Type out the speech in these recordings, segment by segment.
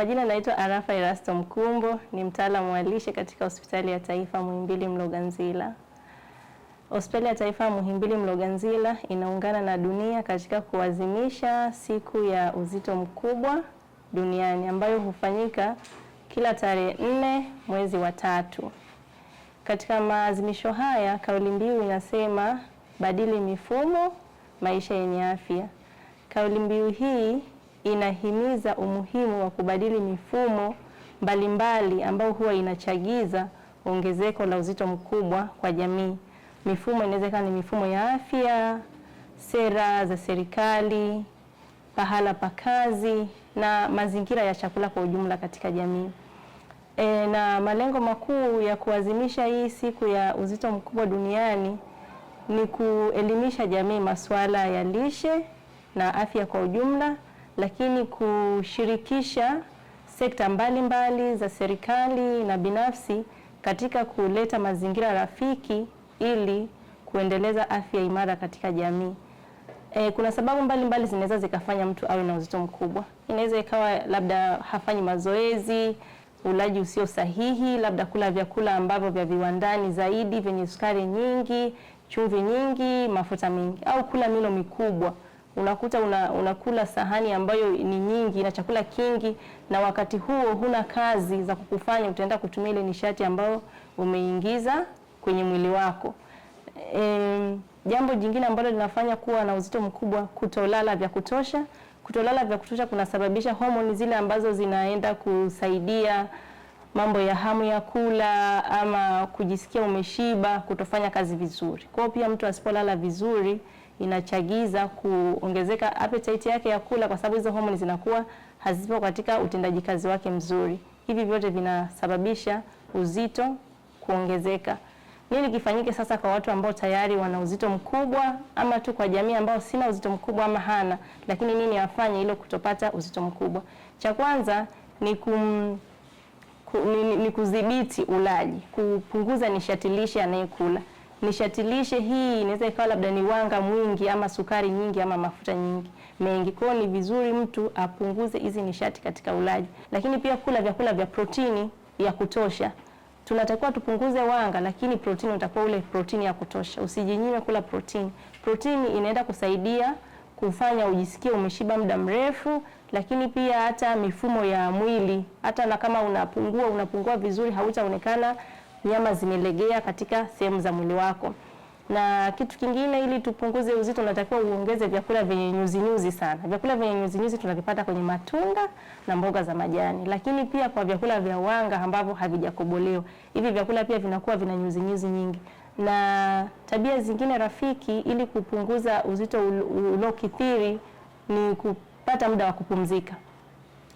majina naitwa Arafa Erasto Mkumbo, ni mtaalamu wa lishe katika hospitali ya taifa Muhimbili Mloganzila. Hospitali ya taifa Muhimbili Mloganzila inaungana na dunia katika kuadhimisha siku ya uzito mkubwa duniani ambayo hufanyika kila tarehe nne mwezi wa tatu. Katika maadhimisho haya, kauli mbiu inasema badili mifumo, maisha yenye afya. Kauli mbiu hii inahimiza umuhimu wa kubadili mifumo mbalimbali ambayo huwa inachagiza ongezeko la uzito mkubwa kwa jamii. Mifumo inaweza kuwa ni mifumo ya afya, sera za serikali, pahala pa kazi na mazingira ya chakula kwa ujumla katika jamii. E, na malengo makuu ya kuadhimisha hii siku ya uzito mkubwa duniani ni kuelimisha jamii masuala ya lishe na afya kwa ujumla lakini kushirikisha sekta mbalimbali mbali za serikali na binafsi katika kuleta mazingira rafiki ili kuendeleza afya imara katika jamii. E, kuna sababu mbalimbali zinaweza zikafanya mtu awe na uzito mkubwa. Inaweza ikawa labda hafanyi mazoezi, ulaji usio sahihi, labda kula vyakula ambavyo vya viwandani zaidi, vyenye sukari nyingi, chumvi nyingi, mafuta mengi, au kula milo mikubwa unakuta una, unakula sahani ambayo ni nyingi na chakula kingi, na wakati huo huna kazi za kukufanya, utaenda kutumia ile nishati ambayo umeingiza kwenye mwili wako. E, jambo jingine ambalo linafanya kuwa na uzito mkubwa, kutolala vya kutosha. Kutolala vya kutosha kunasababisha homoni zile ambazo zinaenda kusaidia mambo ya hamu ya kula ama kujisikia umeshiba, kutofanya kazi vizuri. Kwa hiyo pia mtu asipolala vizuri inachagiza kuongezeka appetite yake ya kula, kwa sababu hizo homoni zinakuwa hazipo katika utendaji kazi wake mzuri. Hivi vyote vinasababisha uzito kuongezeka. Nini kifanyike sasa kwa watu ambao tayari wana uzito mkubwa, ama tu kwa jamii ambao sina uzito mkubwa ama hana, lakini nini afanye ile kutopata uzito mkubwa? Cha kwanza ni kum ni, ni kudhibiti ulaji, kupunguza nishati lishe anayekula nishati lishe hii inaweza ikawa labda ni wanga mwingi ama sukari nyingi ama mafuta nyingi mengi. Kwa hiyo ni vizuri mtu apunguze hizi nishati katika ulaji, lakini pia kula vyakula vya protini ya kutosha. Tunatakiwa tupunguze wanga, lakini protini utakuwa ule protini ya kutosha. Usijinyime kula protini. Protini inaenda kusaidia kufanya ujisikie umeshiba muda mrefu, lakini pia hata mifumo ya mwili, hata na kama unapungua unapungua vizuri, hautaonekana nyama zimelegea katika sehemu za mwili wako. Na kitu kingine, ili tupunguze uzito, unatakiwa uongeze vyakula vyenye nyuzi nyuzi sana. Vyakula vyenye nyuzi nyuzi tunavipata kwenye matunda na mboga za majani, lakini pia kwa vyakula vya wanga ambavyo havijakobolewa. Hivi vyakula pia vinakuwa vina nyuzi nyuzi nyingi. Na tabia zingine rafiki, ili kupunguza uzito ulokithiri, ni kupata muda wa kupumzika.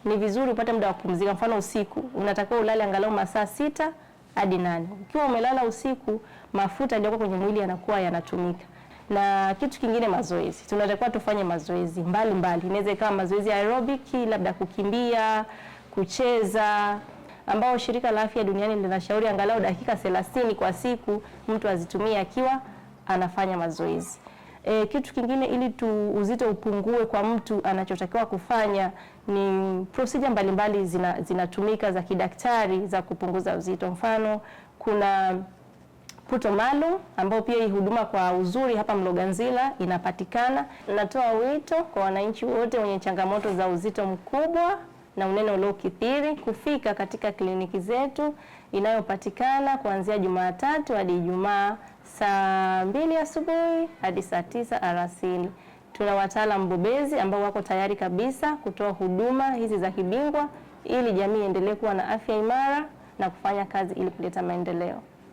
Ni vizuri upate muda wa kupumzika. Mfano, usiku unatakiwa ulale angalau masaa sita hadi nane. Ukiwa umelala usiku, mafuta yaliyokuwa kwenye mwili yanakuwa yanatumika. Na kitu kingine, mazoezi. Tunatakiwa tufanye mazoezi mbalimbali, inaweza ikawa mazoezi ya aerobic, labda kukimbia, kucheza ambao shirika la afya duniani linashauri angalau dakika 30 kwa siku mtu azitumie akiwa anafanya mazoezi. E, kitu kingine ili tu uzito upungue kwa mtu anachotakiwa kufanya ni procedure mbalimbali zina, zinatumika za kidaktari za kupunguza uzito. Mfano kuna puto maalum ambao pia hii huduma kwa uzuri hapa Mloganzila inapatikana. Natoa wito kwa wananchi wote wenye changamoto za uzito mkubwa na unene uliokithiri kufika katika kliniki zetu inayopatikana kuanzia Jumatatu hadi Ijumaa saa mbili asubuhi hadi saa tisa alasiri. Tuna wataalam bobezi ambao wako tayari kabisa kutoa huduma hizi za kibingwa ili jamii iendelee kuwa na afya imara na kufanya kazi ili kuleta maendeleo.